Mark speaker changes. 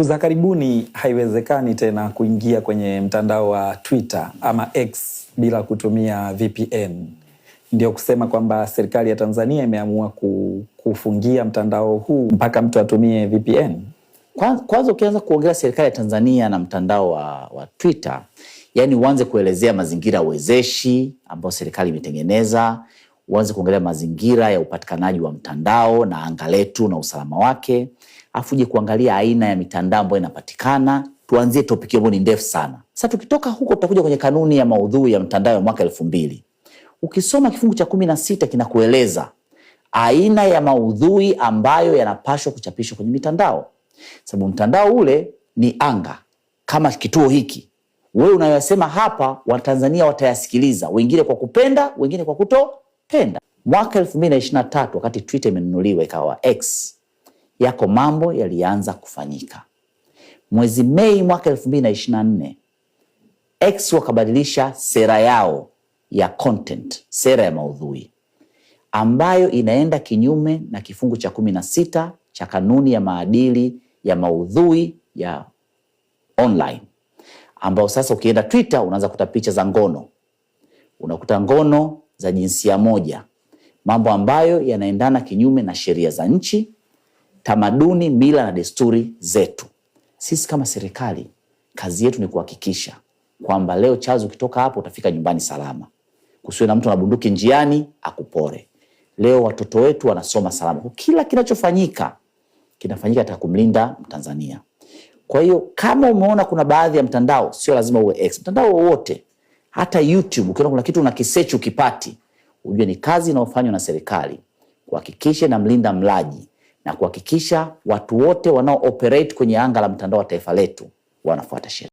Speaker 1: Siku za karibuni haiwezekani tena kuingia kwenye mtandao wa Twitter ama X bila kutumia VPN. Ndio kusema kwamba serikali ya Tanzania imeamua kufungia mtandao huu mpaka mtu atumie VPN.
Speaker 2: Kwanza ukianza kuongelea serikali ya Tanzania na mtandao wa, wa Twitter, yani uanze kuelezea mazingira ya uwezeshi ambayo serikali imetengeneza uanze kuangalia mazingira ya upatikanaji wa mtandao na anga letu na usalama wake, afu uje kuangalia aina ya mitandao ambayo inapatikana. Tuanzie topiki ambayo ni ndefu sana. Sasa tukitoka huko, tutakuja kwenye kanuni ya maudhui ya mtandao ya mwaka elfu mbili. Ukisoma kifungu cha kumi na sita kinakueleza aina ya maudhui ambayo yanapashwa kuchapishwa kwenye mitandao, sababu mtandao ule ni anga kama kituo hiki wewe unayoyasema hapa, Watanzania watayasikiliza, wengine kwa kupenda, wengine kwa kuto tena mwaka tatu wakati Twitter imenunuliwa ikawa X, yako mambo yalianza kufanyika. Mwezi Mei mwaka nne X wakabadilisha sera yao ya content, sera ya maudhui ambayo inaenda kinyume na kifungu cha kumi na sita cha kanuni ya maadili ya maudhui ya online, ambao sasa ukienda Twitter unaanza kukuta picha za ngono, unakuta ngono za jinsia moja, mambo ambayo yanaendana kinyume na sheria za nchi, tamaduni, mila na desturi zetu. Sisi kama serikali kazi yetu ni kuhakikisha kwamba leo Chazo, ukitoka hapo utafika nyumbani salama, kusiwe na mtu anabunduki njiani akupore. Leo watoto wetu wanasoma salama. Kila kinachofanyika kinafanyika katika kumlinda Mtanzania. Kwa hiyo kama umeona kuna baadhi ya mtandao, sio lazima uwe X, mtandao wowote hata YouTube ukiona kuna kitu unakisearch ukipati, ujue ni kazi inayofanywa na serikali kuhakikisha na mlinda mlaji na kuhakikisha watu wote wanao kwenye anga la mtandao wa taifa letu wanafuata sheria.